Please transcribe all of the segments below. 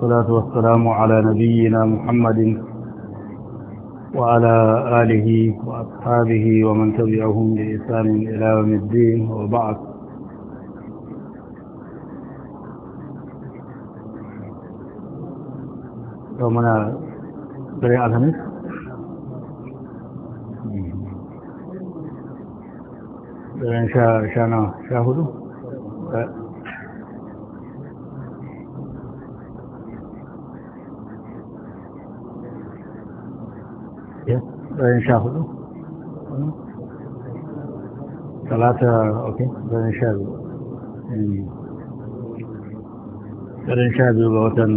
والصلاة والسلام على نبينا محمد وعلى آله وأصحابه ومن تبعهم بإحسان إلى يوم الدين وبعد يومنا بريء الخميس إن شاء شاء شاهدوا bayan sha hudu talata ok bayan sha biyu bayan sha biyu ga watan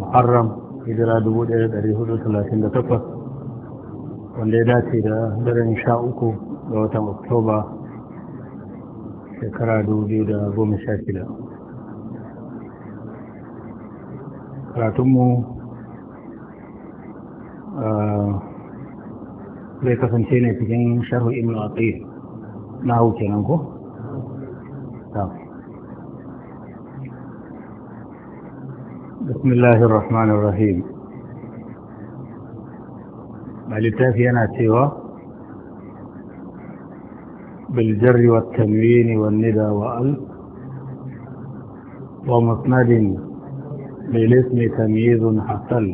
muharram hijira 1438 wanda ya dace da daren sha uku ga watan oktoba shekara 2016 karatunmu uh, zai kasance ne cikin sharhu ibn aqil na hau kenan ko بسم الله الرحمن الرحيم التافي أنا سوى بالجر والتنوين والندى وأل ومسند للاسم تمييز حصل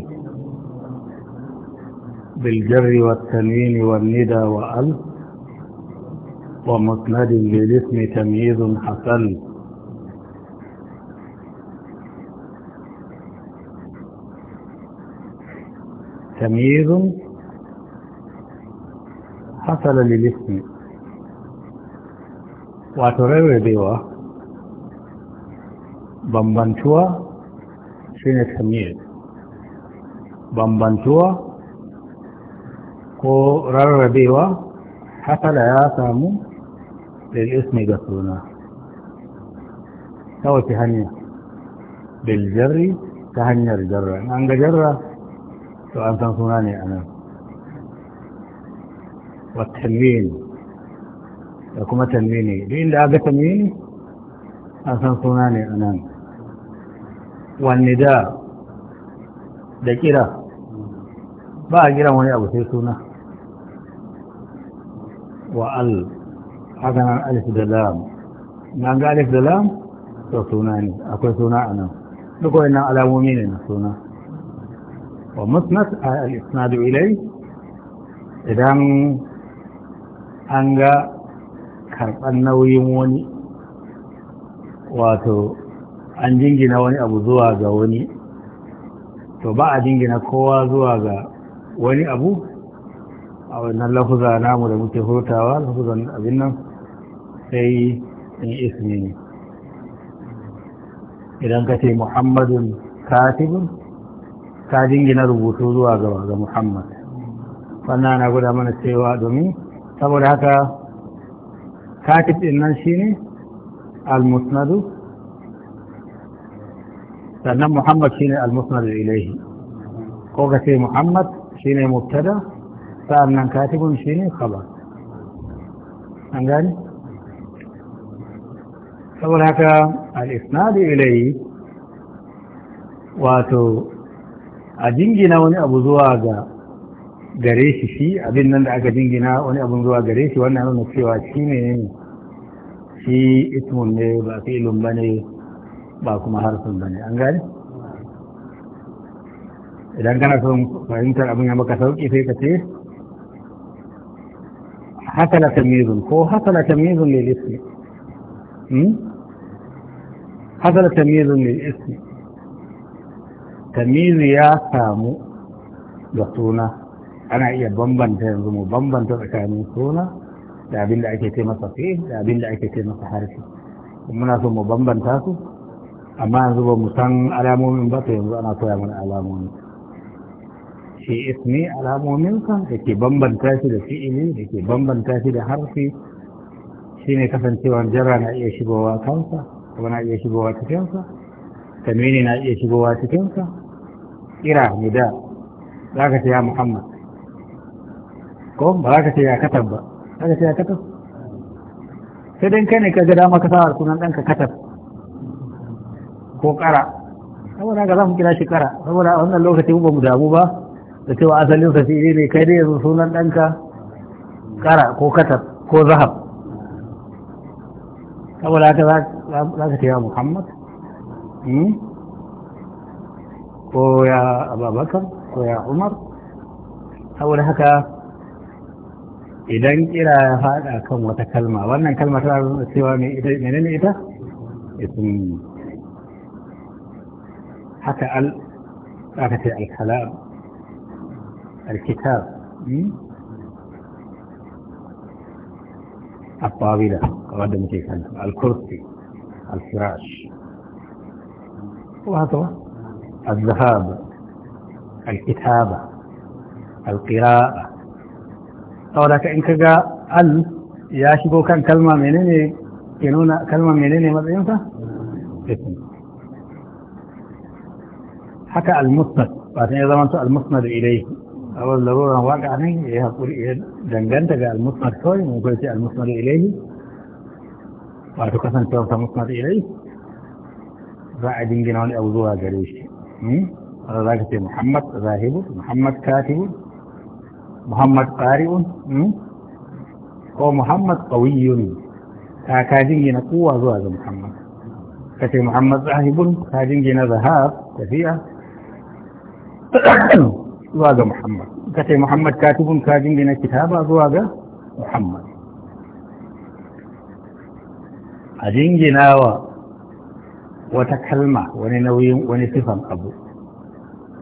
بالجر والتنوين والندى وألف ومسند للاسم تمييز حسن تمييز حصل للاسم وترغبوا بمبنتوا شين التمييز بمبنتوا ko rarrabewa hasala ya samu lil ismi ga suna ta wace hanya bil jarri ta hanyar jarra an ga jarra to an san suna ne anan wa tanwini da kuma tanwini duk inda aga tanwini an san suna ne a nan. wanne da da kira ba a kiran wani abu sai suna wa al haka nan alif da lam na ga alif da lam to suna ne akwai suna a nan duk wannan alamomi ne na suna wa musnad al isnadu ilai idan an ga karɓar nauyin wani wato an jingina wani abu zuwa ga wani to ba a jingina kowa zuwa ga wani abu a wannan lafuza namu da muke hutawa, lafuzan abin nan sai in ismi ne idan ka ce muhammadun katibin ka jingina rubutu zuwa gaba ga muhammad wannan na guda mana cewa domin saboda haka katib din nan shine al-musnadu sannan muhammad shine al-musnadu ilaihi ko ka ce muhammad shine mubtada sa'annan katibun shi ne khabar an gani saboda haka al-isnadu ilayhi wato a jingina wani abu zuwa ga gare shi shi abin nan da aka jingina wani abun zuwa gare shi wannan nuna cewa shi ne shi ismun ne ba filin ba ne ba kuma harsun ba ne an gani idan kana son fahimtar abin ya maka sauƙi sai ka ce hasana تمييز ko hasana تمييز للاسم ismi تمييز للاسم تمييز يا tamyizi ya samu da suna ana iya bambanta yanzu bambanta tsakanin suna da abin da ake ce masa fi da abin da ake ce masa harshe muna so mu bambanta su amma yanzu ba mu san alamomin ba ta yanzu ana koya mana alamomin fi ismi alamominsa da ke bambanta shi da fi'ili da ke bambanta shi da harfi shine kasancewa jarra na iya shigowa kansa kuma na iya shigowa cikinsa tamini na iya shigowa cikinsa Ira ne da za ka ce ya muhammad ko ba za ka ce ya katab ba za ka ce ya katab sai dan kai ne ka ga dama ka sa sunan ɗanka katab ko kara saboda ga za mu kira shi kara saboda a wannan lokacin ba mu damu ba da cewa asalin sa fi'ili ne kai dai yanzu sunan ɗanka kara ko katar ko zahab saboda haka za ka ce muhammad ko ya ababakar ko ya umar saboda haka idan kira ya faɗa kan wata kalma wannan kalma ta nuna cewa mene ne ita isim haka al aka ce alkalam الكتاب الطاولة الكرسي الفراش وهذا الذهاب الكتابة القراءة طولة إنك جاء أن يأشبو كان كلمة منيني كنونا كلمة منيني ماذا ينفع؟ اسم حكى المصنف بعد أن يضمنت المصنف إليه awal laruran waka ne ya haƙuri ya danganta ga almusmar kawai mu kai ce almusmar ilaihi wato kasancewa ta musmar ilaihi za a jingina wani abu zuwa gare shi wanda za ka ce zahibu muhammad katibu muhammad ƙari'un ko muhammad ƙawiyun ta ka jingina kowa zuwa ga muhammad ka ce muhammad zahibun ka jingina zahab tafiya زواج محمد كتب محمد كاتب كاجن لنا كتابة زواج محمد أجن جناوة وتكلمة وننوي ونصفا أبو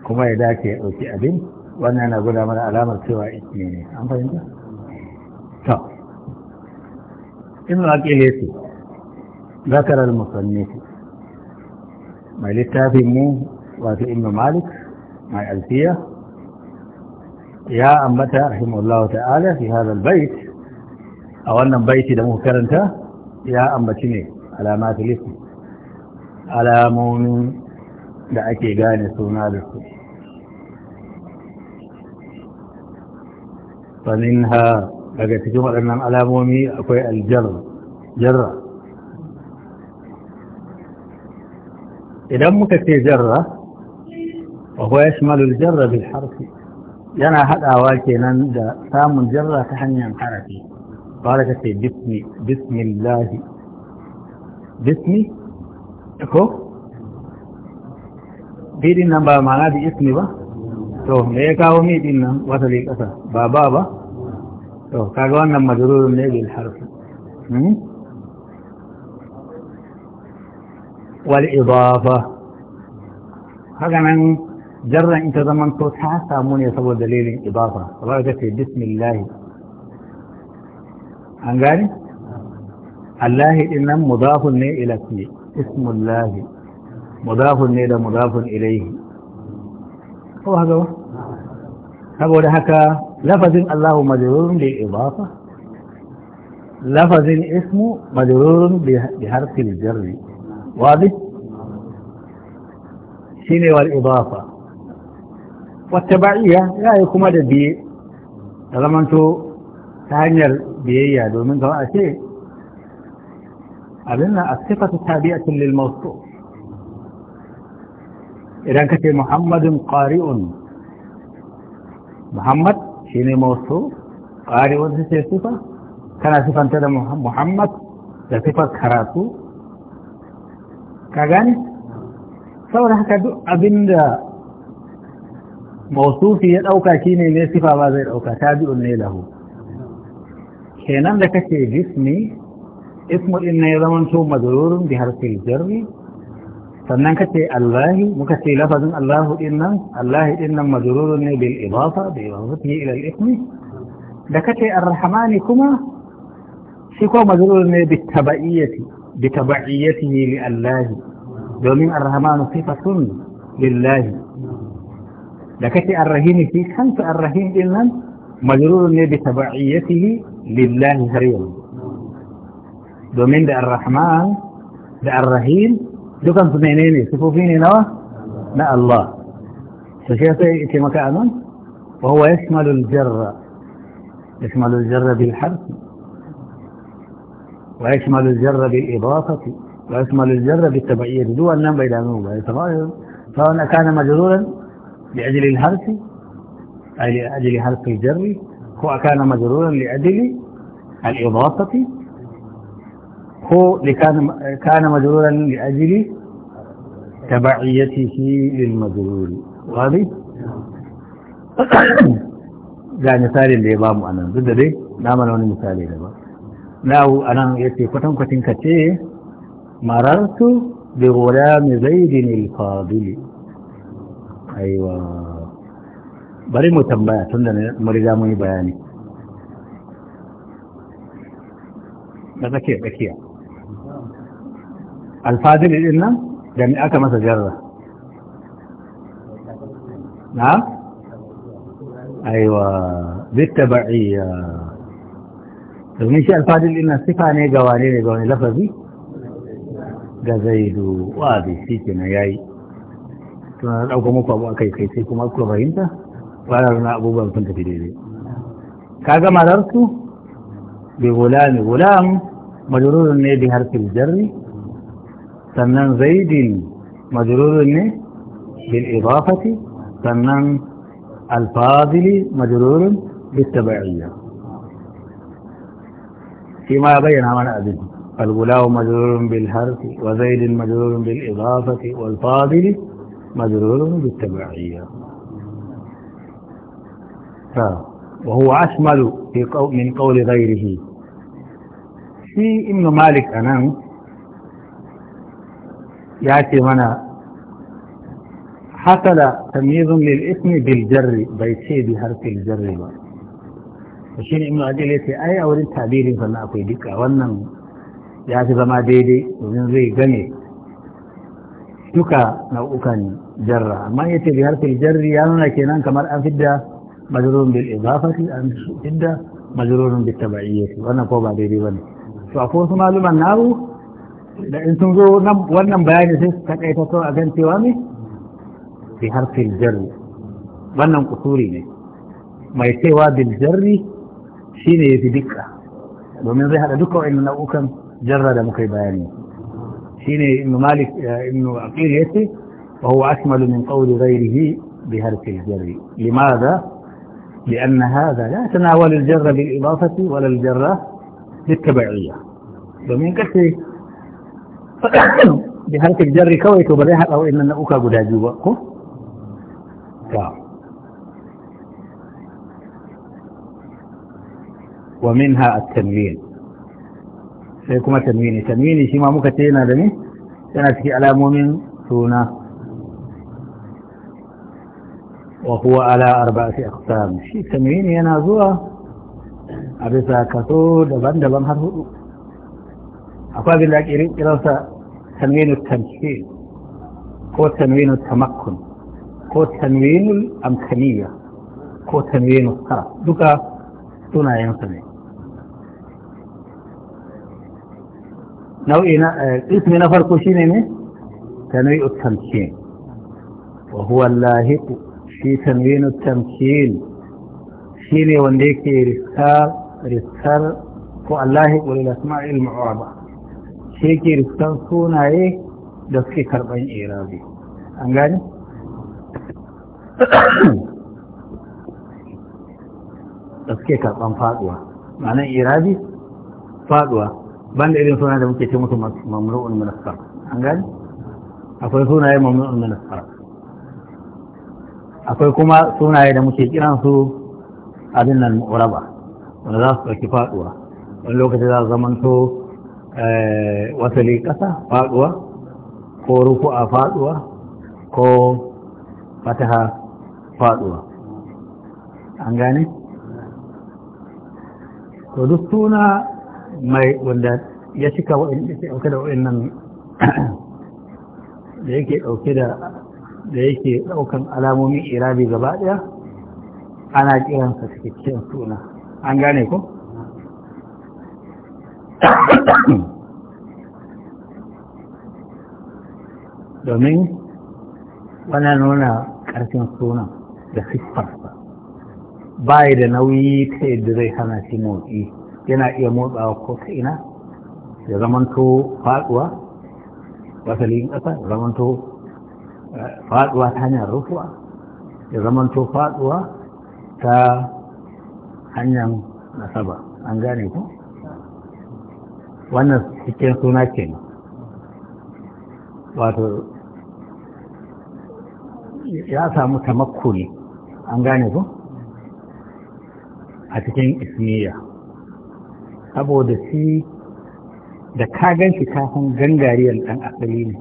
كما يداك يأتي أبن وأنا نقول من ألام سوى إثنين أنت أنت؟ طب إن رأيه ذكر المصنف ما للتافي مو وفي إم مالك مع ألفية ya ambata rahimahullah ta'ala fi hadha albayt a wannan baiti da muka karanta ya ambaci ne alamatul ism alamomin da ake gane suna da su فمنها daga cikin waɗannan alamomi akwai aljarra idan muka ce jarra wa huwa yashmalu aljarra bil yana haɗawa kenan da samun jarra ta hanyar harafi fara ka ce bismi bismillahi bismi ko didin nan ba ma'ana da ismi ba to me ya kawo mi din nan wata da ƙasa ba ba ba to kaga wannan majalurin ne bil harfi wal idafa haka nan جرى انت زمن صوت حاسة يصبو دليل اضافة رأيك في بسم الله قال الله انم مضاف ني الى كي اسم الله مضاف ني دا مضاف اليه هو هذا هو هذا هكا لفظ الله مجرور لإضافة لفظ اسم مجرور بحرف الجر واضح شنو الاضافه wata ba'iya ya yi kuma da biye da zamanto ta hanyar biyayya domin zama a ce abin nan a sifatu tabi'atun lil mawsu idan ka ce muhammadun qari'un muhammad shine mawsu qari'un su ce sifa kana sifanta da muhammad da sifar karatu ka gane saboda haka duk abinda mausufi ya ɗauka shi ne mai sifa ba zai ɗauka ta bi'un ne lahu kenan da kake jismi ismu ɗin ne ya zamanto mazururin bi harfin jarri sannan kace allahi muka ce lafazin allahu ɗin nan allahi ɗin nan mazururin ne bil idafa da ibafatihi ila al-ismi da kace ar kuma shi ko mazururin ne bi taba'iyyati bi taba'iyyatihi li allahi domin ar-rahmanu sifatun lillahi da kake arrahimi shi kanka arrahim din nan majrurun ne bi tabi'iyatihi lillahi har yanzu domin da arrahman da arrahim dukan su menene sifofi ne nawa na Allah to shi sai yake maka anan wa huwa yashmalu al-jarra yashmalu al-jarra bil harf wa yashmalu al-jarra bil idafati wa yashmalu al-jarra bit tabi'iyyah duk wannan bai da nuna ba sai sawa'an kana majruran لأجل الهرس أي لأجل هرس الجر هو كان مجرورا لأجل الإضافة هو لكان كان مجرورا لأجل تبعيته للمجرور وهذه ذا مثال الإضام أنا ضد به لا أنا مثالي لبا لا أنا يتي فتن كتن كتن مررت بغلام زيد الفاضل aiwa bari mu tambaya tun da mariga mun yi bayani na tsakiya tsakiya alfadil din nan da me aka masa jarra na aiwa bittaba'iyya domin shi alfadil din nan sifa ne ga wane ne ga wani lafazi ga zaidu wa bi shi kenan yayi suna ɗaukar muku abu akai kai sai kuma kuka fahimta ba na nuna abubuwan sun tafi daidai ka ga mararsu bi gulami gulam majururin ne bi harfin jarri sannan zaidin majururin ne bil idafati sannan alfazili majururin bil tabi'iyya shi ma bayyana mana abin الغلام مجرور بالحرف وزيد مجرور بالإضافة والفاضل مدلول بالتبعية وهو أشمل من قول غيره في ابن مالك أنا يأتي منا حصل تمييز للاسم بالجر بيتي بحرف الجر بقى shi ne ina adil ya ce ai a wurin tabirin sannan akwai duka wannan ya fi zama daidai domin zai game duka nau'ukan jarra amma ya ce bi harfin jarri ya nuna kenan kamar an fidda majrurun bil idafati an fidda majrurun bil tabi'iyyati wannan ko ba daidai bane to akwai wasu maluman nawo da in sun zo wannan bayani sai su takaita to a gan cewa ne bi harfin jarri wannan kusuri ne mai cewa bil jarri shine yafi dukka domin zai hada duka wa'annan nau'ukan jarra da muka yi bayani السيني انه مالك انه عقيل ياتي وهو اكمل من قول غيره بهرك الجر لماذا لان هذا لا تناول الجر بالاضافه ولا الجر بالتبعيه ومن كثي بهرك الجر كويت وبريح او ان نؤك قد ومنها التنوين sai kuma tanwini tanwini shi ma muka ce yana da ne yana cikin alamomin suna wa huwa ala arba'ati aqsam shi tanwini yana zuwa a bisa kaso daban-daban har hudu akwai abin da ake kiransa tanwinu tamshi ko tanwinu tamakkun ko tanwinu amkaniya ko tanwinu sara duka sunayensa ne نوعينا آه، اسم نفر كوشيني مي تنوي التمكين وهو اللاهق في تنوين التمكين شيني ونديكي رسال رسال هو اللاهق وللأسماء المعربة شيكي رسال سونا ايه دسكي كربين ايرابي انجاني دسكي كربين فاقوا معنى ايرابي فاقوا ban da irin suna da muke ce musu mamnu'un min as an gani akwai sunaye mamnu'un min as akwai kuma sunaye da muke kiran su abin nan mu'raba wanda za su ɗauki faɗuwa wani lokaci za su zamanto eh, wasali ƙasa faɗuwa ko ruku a faɗuwa ko fataha faɗuwa an gani to duk suna mai wanda ya cika wa'inda da ke dauke da wa'in nan da yake ɗauke da da yake ɗaukan alamomin irabi gaba ɗaya ana kiransa cikakken suna an gane ko? domin wana nuna ƙarfin suna da siffarsa ba da nauyi ta yadda zai hana shi motsi yana iya motsawa ko ta ina ya zamanto faduwa wasalin ƙasa ya zamanto eh, faduwa ta hanyar rufuwa ya zamanto faduwa ta hanyar nasaba an gane ku wannan cikin suna ke wato ya samu tamakko ne an gane ku a cikin ismiya saboda shi da ka gan shi kafin gangariyar ɗan asali ne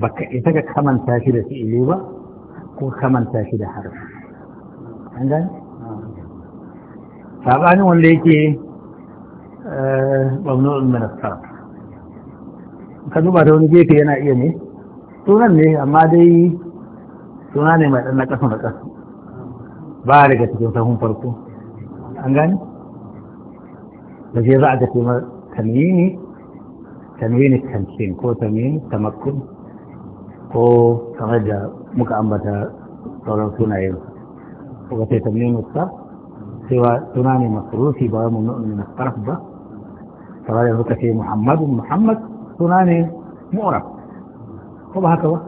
baka isa ka kamanta shi da fi'ili ba ko kamanta shi da harfi an gani sabanin wanda yake ɓamno'in eh, minasar ka duba da wani gefe yana iya ne sunan ne amma dai suna ne mai ɗan na ƙasa na ƙasa ba daga cikin sahun farko an gani وجي بعد تمييني تمييني التمكين كو تمييني التمكن كو تغدى مكأمة طولو سنعين وغتي تمييني الصرف سوى تناني مصروفي بغام من الصرف ده فغالي يذكر في محمد محمد تناني مؤرف وهكذا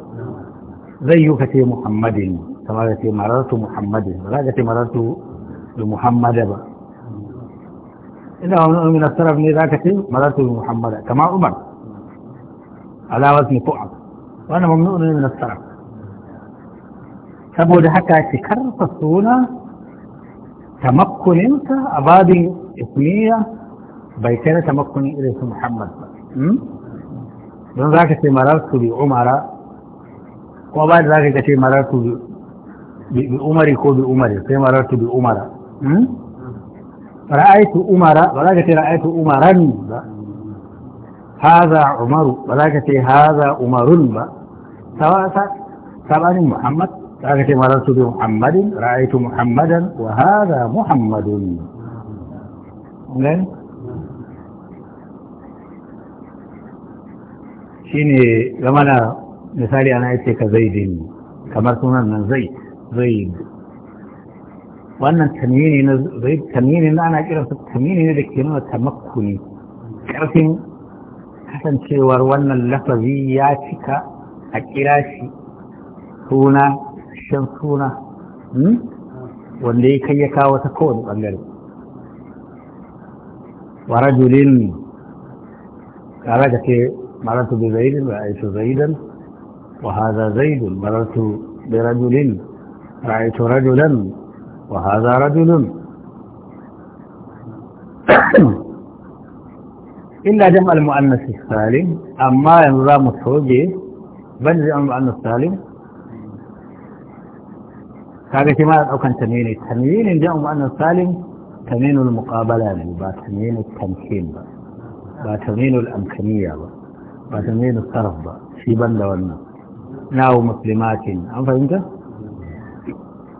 زيك في محمد فقال في مررت محمد فقال في مررت بمحمد بقى أنا إنه من السلف من ذاك الشيء مررت بمحمد كما أمر على وزن فعب وأنا ممنوع من السلف سبود حكا شكر فصولا تمكن انت أبادي إثنية بيتين تمكن إليس محمد من ذاك الشيء مررت بعمر وبعد ذاك الشيء مررت بعمر كو بعمر ثم مررت بعمر رأيت أمر ولكن رأيت أمرا هذا عمر ولكن هذا أمر سواء سواء محمد ولكن مررت بمحمد رأيت محمدا وهذا محمد من؟ شيني لما أنا مثالي أنا أتيك زيد كما كنا زيد زيد wannan tamini na zai tamini na ana kiransa tamini ne da ke nuna tamakkuni ƙarfin kasancewar wannan lafazi ya cika a kira shi suna shan suna hmm? wanda ya kai ya kawo ta kowane ɓangare wa rajulin kare da ke maratu bi zaidin wa aitu zaidan wa haza zaidun maratu bi rajulin ra'aytu rajulan وهذا رجل إلا جمع المؤنث السالم أما ينظام التوجيه بل جمع المؤنث السالم اعتماد أو كان تنوين التنوين جمع المؤنث السالم تنوين المقابلة يعني با تنوين التمكين با تنوين الأمكانية با تنوين الصرف با في بند والنص ناو مسلمات أم فهمت؟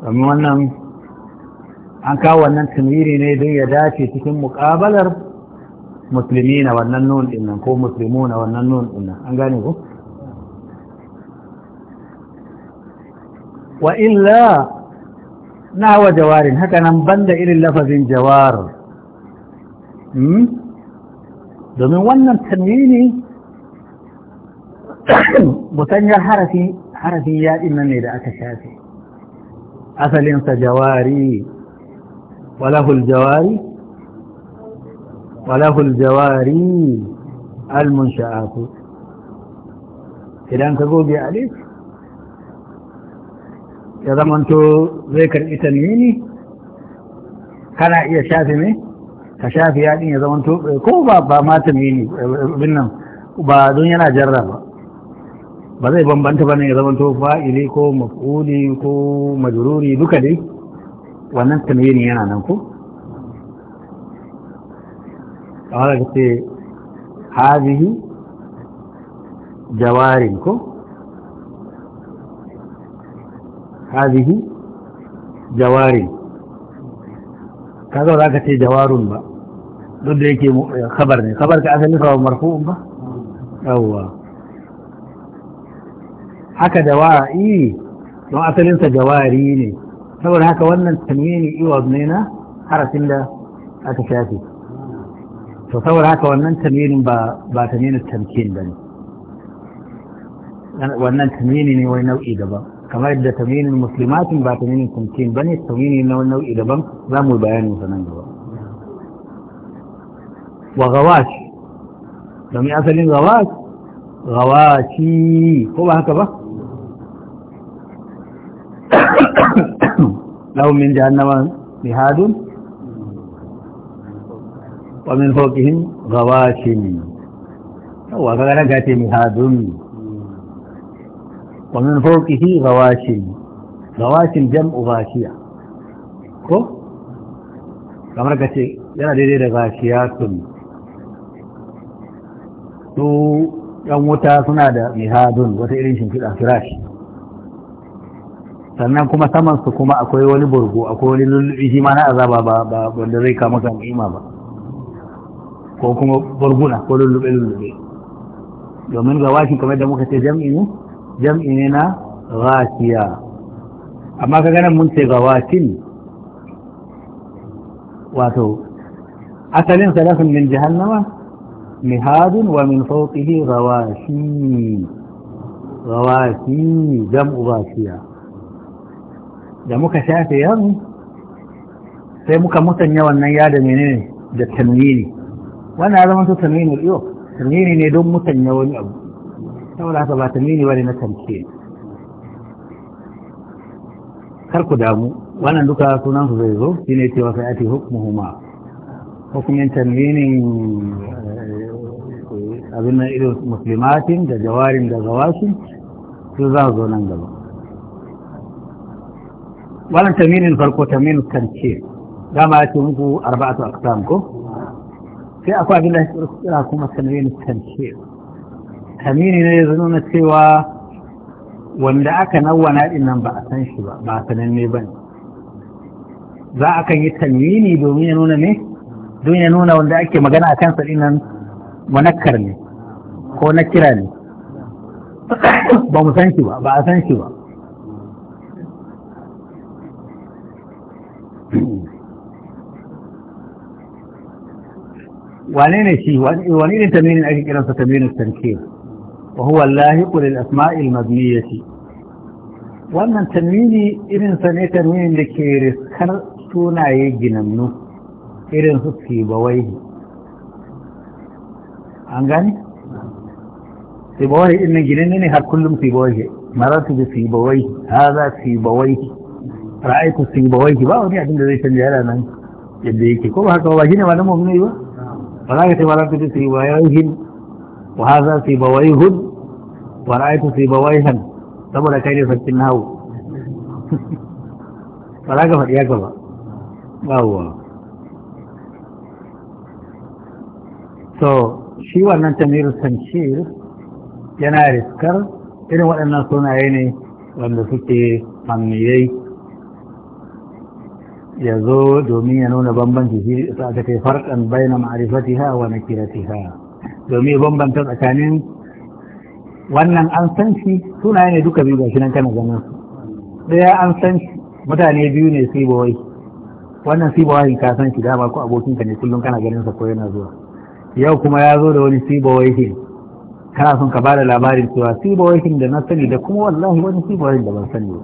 أم an kawo wannan tumiri ne don ya dace cikin muƙabalar musulmi na wannan nun ɗinnan ko musulmi na wannan nun ɗinnan an gane ku wa illa na wa jawarin haka nan banda irin lafazin jawar domin wannan tanwini musanyar harafi harafi yaɗin nan ne da aka shafe asalinsa jawari وله الجواري وله الجواري المنشآت idan ka goge alif ya zamanto zai karɓi talmini kana iya shafi ne ka shafi yaɗin ya zamanto ko ba ba ma ba don yana jarra ba zai bambanta ba ne ya zamanto fa'ili ko maf'uli ko majururi duka dai wannan tamiri yana nan ko kawai ka ce hazihi jawarin ko hazihi jawarin zo za ka ce jawarun ba duk da yake khabar ne khabar ka asali kawai marfu'un ba yawwa haka jawari don asalinsa jawari ne نقول هكا ونن تنويني ايوا بنينا حرس الا اتشافي تصور هكا ونن تنوين با با تنوين التمكين بني ونن تنويني نوي نوئي دبا كما يبدا تنوين المسلمات با تنوين التمكين بني تنويني نوي نوئي دبا زامو البيان مثلا دبا وغواش لم يأثلين غواش غواشي هو هكذا لهم من جهنم مهاد ومن فوقهم غواش وغرقت مهاد ومن فوقه غواش غواش جمع غاشية ko kamar ka ce yana daidai da gashiyatun su yan wuta suna da mihadun wata irin shimfiɗa firashi sannan kuma saman su kuma akwai wani burgu akwai wani lullubi shi ma na azaba ba ba wanda zai kama kan ima ba ko kuma burguna ko lullube lullube domin ga washin kamar da muka ce jam'i ne jam'i ne na ghasiya amma ka ganin mun ce ga washin wato asalin salafin min jahannama mihadun wa min fawqihi ghawashi ghawashi jam'u ghasiya da muka shafe yanzu sai muka musanya wannan ya da menene da tanwini wannan ya zama su tanwini iyo tanwini ne don musanya wani abu saboda haka ba tanwini bane na tamke kar ku damu wannan duka sunan su zai zo shine cewa sai ati huma hukumin tanwinin eh, abin nan irin musulmatin da jawarin da gawashin su za zo nan gaba wannan taminin farko taminin karshe dama ya ce muku arba'atu aqsam ko sai akwai abin da ya kira kuma taminin karshe tamini ne ya nuna cewa wanda aka nawa na din nan ba a san shi ba ba sananne ba ne za a kan yi tamini domin ya nuna ne don ya nuna wanda ake magana a kansa din nan munakkar ne ko na kira ne ba mu san shi ba ba a san shi ba وعلينا شيء وعلينا تمين الأجل تمين التنكير وهو اللاهق للأسماء المبنية ومن تميني إذن سنة تمين لكيرس كان سونا يجينا منه إذن سكي بويه أنغاني في بويه إن جنيني هر كلهم في بويه مراتب في بويه هذا في بويه رأيك في بويه بقى ودي عدم لذي سنجي هلا من يديك كل هكذا واجيني وانا مؤمنين فلا يتمرد سيبويهن وهذا سيبويهن ورأيت سيبويهن saboda kai ne sarkin nawo ba za ka so shi wannan tamiru sancir yana riskar irin waɗannan sunaye ne wanda suke hamiyai ya zo domin ya nuna bambanci shi sa aka kai farkan ma'arifati ha wa ha. domin ya bambanta tsakanin wannan an san shi suna ne duka biyu shi nan kana ganin su daya an san shi mutane biyu ne sibawai wannan sibawai ka san shi dama ko abokin ka ne kullum kana ganin sa ko yana zuwa yau kuma ya zo da wani sibawai hin kana son ka bada labarin cewa sibawai hin da na sani da kuma wallahi wani sibawai da ban sani ba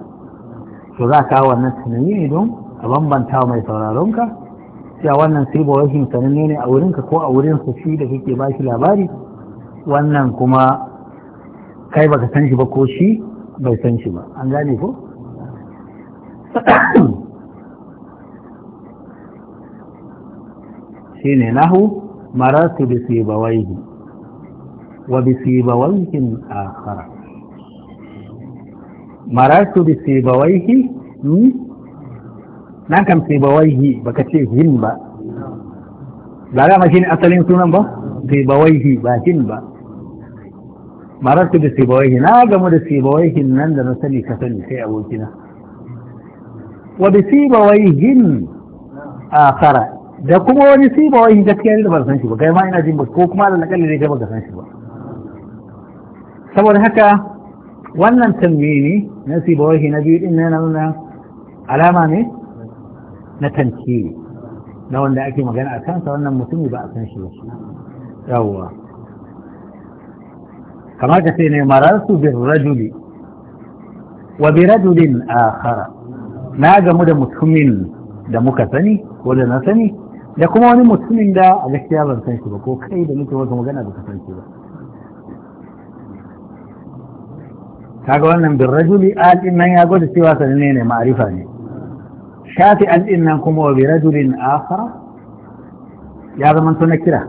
to za ka kawo wannan tunani ne don a bambanta mai sauraronka cewa wannan silba rashin sananne ne a wurinka ko a wurin su shi da kake ba shi labari wannan kuma kai baka san shi ba ko shi bai san shi ba an gane ko ne nahu marasu bi sibawaihi wa bi sibawaihin akhara marasu bi sibawaihi hmm? na kam ba bawaihi baka ce hin ba ba dama shine asalin sunan ba sai bawaihi ba hin ba marartu da sai bawaihi na gamu da sai bawaihin nan da na sani ka sani sai abokina wa bi sai bawaihin akhara da kuma wani siba wani gaskiya da ban san shi ba kai ma ina jin ba ko kuma da nakalli ne kai baka san shi ba saboda haka wannan tambayi ne na siba wani na biyu din na nuna alama ne na tantiri na wanda ake magana a kansa wannan mutumi ba a san shi yawwa kamar ka ce ne mararsu bin rajuli wa bi rajulin akhara na gamu da mutumin da muka sani ko da na sani da kuma wani mutumin da a gaskiya ban san shi ba ko kai da muke wata magana ba ka san shi ba kaga wannan bin rajuli al'in nan ya gwada cewa sanni ne ma'arifa ne shafi'an din nan kuma wa birajulin akhara ya zama na kira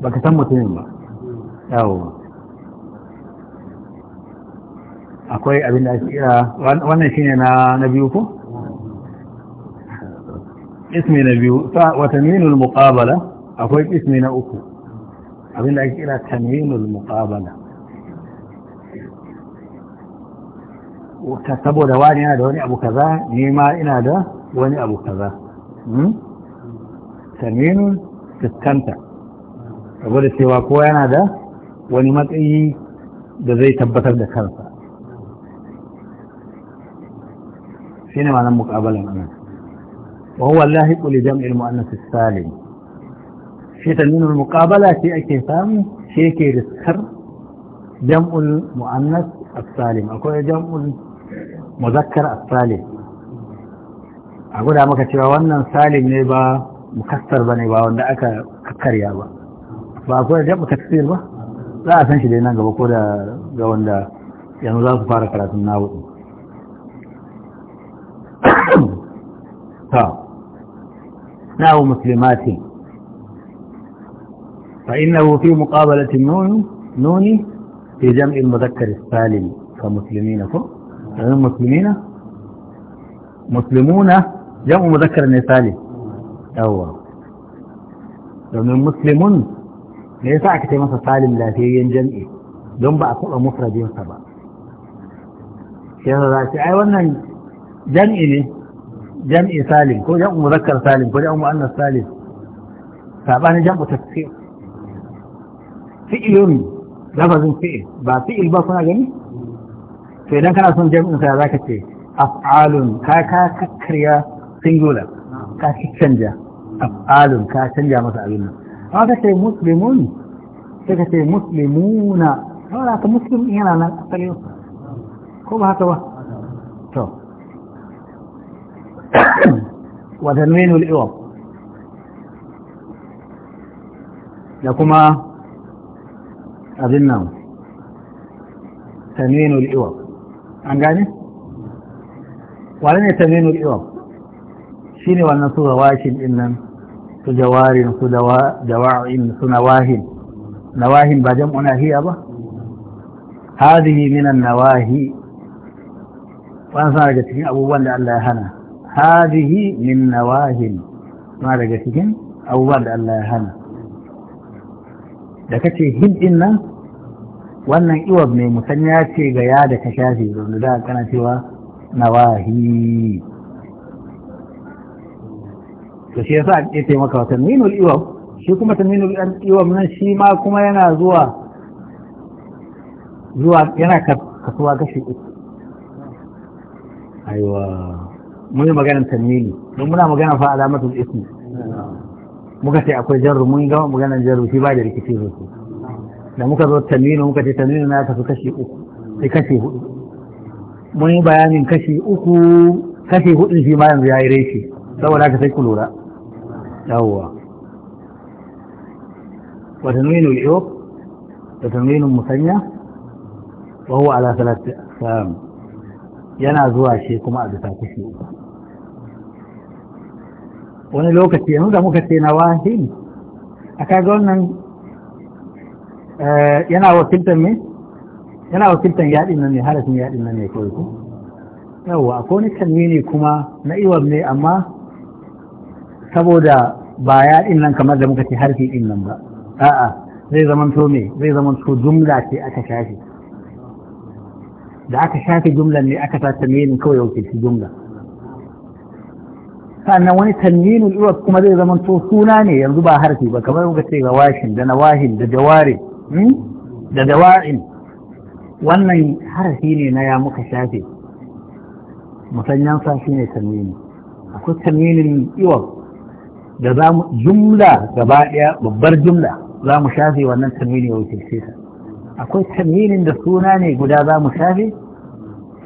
baka san mutumin ba yawo akwai abin da ake kira wannan shine na na biyu ko ismi na biyu ta muqabala akwai ismi na uku abin da ake kira tanwinul muqabala saboda wani yana da wani abu kaza ni ma ina da wani abu kaza tanwinun hmm? fuskanta saboda cewa kowa yana da wani matsayi da zai tabbatar da kansa shi ne malam muƙabalan anan وهو اللاحق لجمع المؤنث السالم في تنوين المقابلة samu أكي ke في أكي رسكر جمع Salim? Akwai أكو muzakkar المذكر Salim. a guda maka cewa wannan salim ne ba mukassar ba ne ba wanda aka kakkarya ba ba akwai da tafsir ba za a san shi dai nan gaba ko da ga wanda yanzu za su fara karatun na hudu ta nawo muslimatin fi muqabalati nun النون fi jam'i mudhakkar salim fa muslimina fa muslimina muslimuna jam'u muzakkar ne salim yawwa domin muslimun me yasa aka ce masa salim lafiyayyen jam'i don ba a taɓa mufradinsa ba yanzu yasa za ce ai wannan jam'i ne jam'i salim ko jam'u muzakkar salim ko umar mu'annas salim sabanin jam'u tafsir fi'ilun lafazin fi'il ba fi'il ba kuna gani to idan kana son jam'in sa za ka ce af'alun ka ka kakkarya singular ka canja af'alun ka canja masa abin nan amma ka ce muslimun sai ka ce muslimuna wala ka muslim yana nan asalin ko ba haka ba to wa tanwinul iwam da kuma abin nan tanwinul iwam an gane wane ne tanwinul iwam ne wannan su washin din nan su jawarin su dawa'in su nawahin nawahin ba jam'u nahiya ba hadhihi minan nawahi wannan suna daga cikin abubuwan da Allah ya hana hadhihi min nawahin Suna daga cikin abubuwan da Allah ya hana da kace hidin nan wannan iwab mai musanya ce ga ya da ka shafi da kana cewa nawahi to shi yasa ake ce maka tanwinul iwam shi kuma tanwinul iwam nan shi ma kuma yana zuwa zuwa yana kasuwa gashi uku aiwa mun yi Tanmini, tanwini don muna magana fa alamatul ismi muka ce akwai jarru mun gama maganar jarru shi ba da rikici sosai da muka zo Tanmini muka ce Tanmini na tafi kashi uku sai kashi hudu mun yi bayanin kashi uku kashi hudu shi ma yanzu ya yi reshe saboda haka sai ku lura yawwa wa tanwinul iyob musanya yana zuwa shi kuma a bisa kashi uku wani lokaci yanzu da muka ce a kaga wannan eh, yana wakiltar yaɗin nan ne yaɗin nan ne kawai ko yawwa akwai wani kuma na iwab ne amma saboda ba ya din nan kamar da muka ce harfi ɗin nan ba a'a zai zaman to me zai zaman to jumla ce aka shafe da aka shafe jumlan ne aka sa tanwinin kawai yau shi jumla sannan wani tanwinin iwa kuma zai zaman to suna ne yanzu ba harfi ba kamar muka ce ga washin da nawahin da jawari hmm? da dawarin wannan harfi ne na ya muka shafe musanyansa shi ne tanwini akwai tanwinin iwa da za mu jumla gaba ɗaya babbar jumla za mu shafe wannan tanwini wa wakilce akwai tanwinin da suna ne guda za mu shafe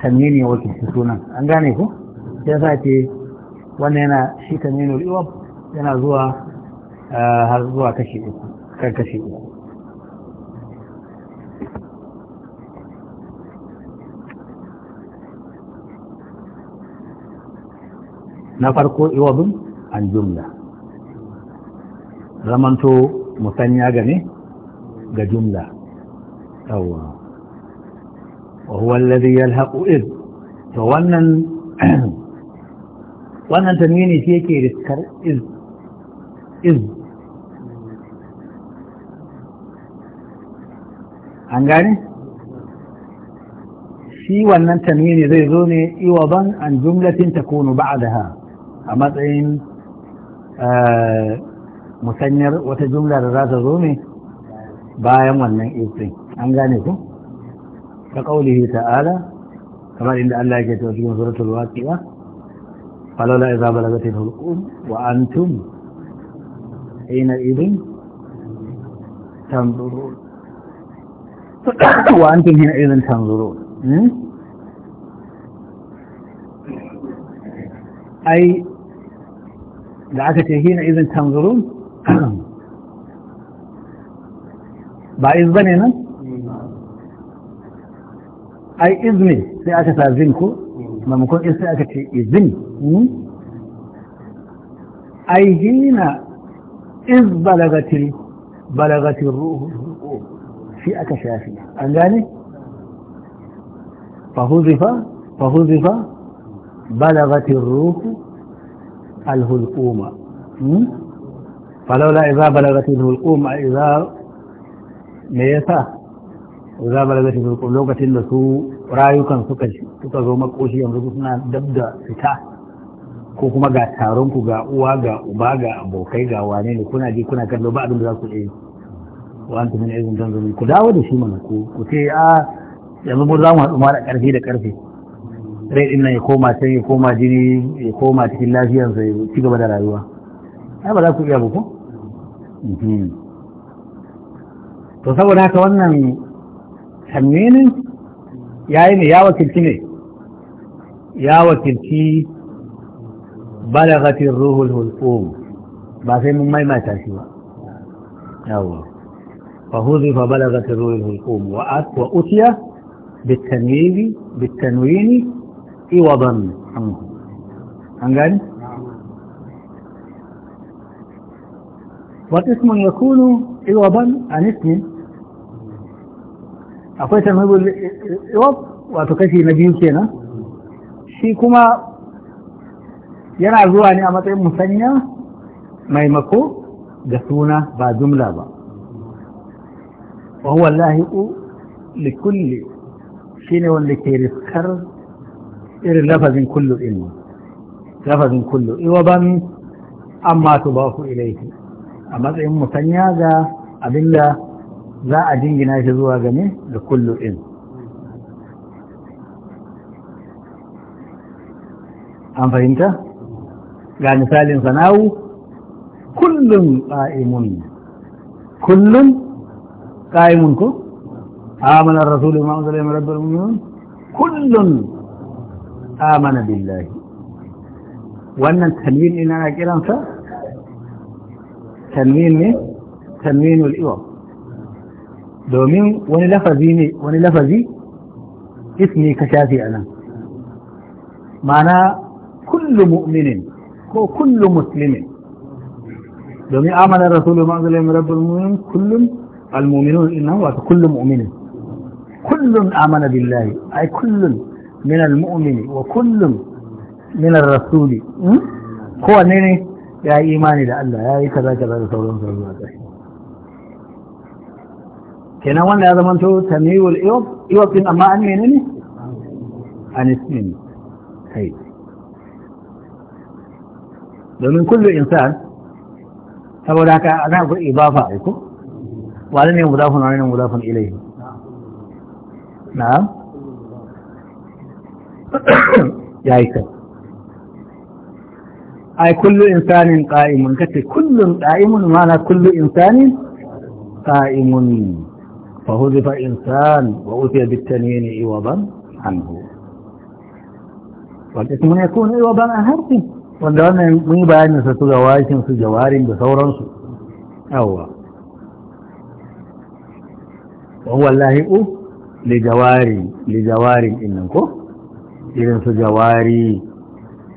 tanwini wa wakilce sunan an gane ku ya sa ce wannan yana shi tanwini wa yana zuwa har zuwa kashi uku kan kashi uku na farko iwabin an jumla zamanto musanya game ga jumla yawwa wa huwa alladhi yalhaqu id to wannan wannan tanwini shi yake riskar iz iz an gane shi wannan tanwini zai zo ne iwaban an jumlatin takunu ba'daha a matsayin musanyar wata jumla da za ta zo ne bayan wannan isri an gane ku ta ƙaunihi ta'ala kamar inda Allah ke ta cikin suratul waqi'a falola idza balagati al-hulqum wa antum ina idin tanzurun wa antum ina idin tanzurun hmm? ai da aka ce hina izin tanzurun بعيز بنينا اي اذني سيئة زنكو ما مكون اي سيئة تازين اي جينا اذ بلغت بلغت الروح سيئة شافية انجاني فهوزفة فهوزفة بلغت الروح الهلقومة فلولا اذا بلغت الهلقومة اذا me yasa za ba zafi shi lokacin da su rayukan suka suka zo makoshi yanzu suna dab da fita ko kuma ga taron ku ga uwa ga uba ga abokai ga wane ne kuna ji kuna kallo ba abin da za ku yi wa antum min izin tanzumi ku dawo da shi mana ku ku ce a yanzu mu za mu haɗu mara da ƙarfi da ƙarfi rai din nan ya koma can ya koma jini ya koma cikin lafiyarsa ya ci gaba da rayuwa ai ba za ku iya ba ko mhm. to saboda haka wannan tamminin ya yi ne ya wakilci ne ya wakilci balagatin ruhul hulkum ba sai mun maimaita shi ba yawa fa huzifa balagatin ruhul hulkum wa utiya bitanwini bitanwini iwadan an gani واسم يكون عوضا عن اسم akwai tanwibul iwab wato kashi na biyu kenan shi kuma yana zuwa ne a matsayin musanya maimako ga suna ba jumla ba wallahi u likulli shi ne wanda ke riskar irin lafazin kullu ilmi lafazin kullu iwaban amma tu ba ku ilaihi a matsayin musanya ga abinda za a jingina shi zuwa gane da kullu in an fahimta ga misalin sana'u kullum ƙa'imun kullum ƙa'imun ko amanar rasulu ma'amzala ya marabbar mummun kullum amana billahi wannan tanwin ina na kiransa tanwin ne tanwin iwam domin wani lafazi ne wani lafazi ismi ka shafi a nan ma'ana kullu mu'minin ko kullum muslimin domin amanar rasulun ma'azalin rabbul mu'min kullum al-mu'minun innan wata kullum mu'minin kullum amana billahi ai kullum من المؤمن وكل من الرسول هو نيني يا إيماني لألا يا إيكذا كذا رسول الله صلى الله عليه وسلم كنا وانا اذا منتو تميو الايوب ايوب اما إيوه، عن مين اني عن اسمين هاي ومن كل انسان فهو لك انا اقول اضافة عليكم وعلم يوم مضاف علينا مضاف اليه نعم يا ايكا اي كل انسان قائم كتب كل قائم معنى كل انسان قائم فهذف إنسان وأتي بالتنين عوضا عنه والإسم يكون عوضا أهرته وندرنا من بعين ستجواج في جوار بثورا أهو وهو الله لجوار لجوار إنكو إذن سجواري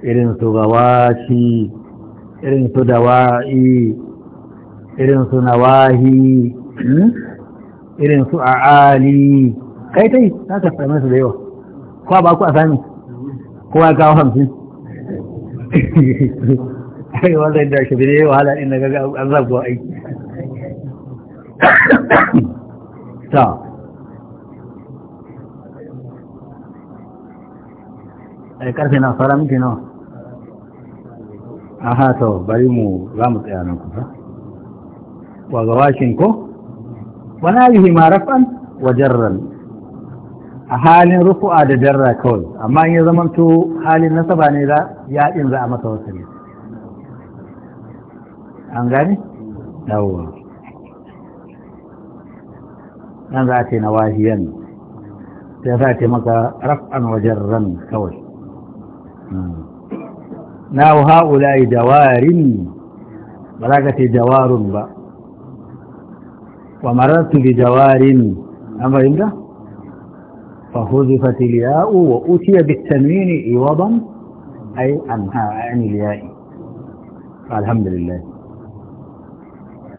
إذن سغواشي إذن سدوائي إذن سنواهي irin su a ali kai tai za ka same su da yawa ko ba ku a sami ko ya kawo hamsin ai wanda da shi ne wahala din na gaga an zabuwa aiki ta ai karfe na fara miki nawa aha to bari mu za mu tsaya nan kusa wa gawashin ko wana bihi ma rafan wa jarran a halin rufu'a da jarra kawai amma in ya zamanto halin nasaba ne za ya za a masa wasali an gane yawwa nan za a ce na wahiyan sai za a ce maka raf'an kawai hmm. na ba za ka ba ومررت بجوار أمر فهذفت الياء وأتي بالتنوين عوضا أي أنهاء عن الياء الحمد لله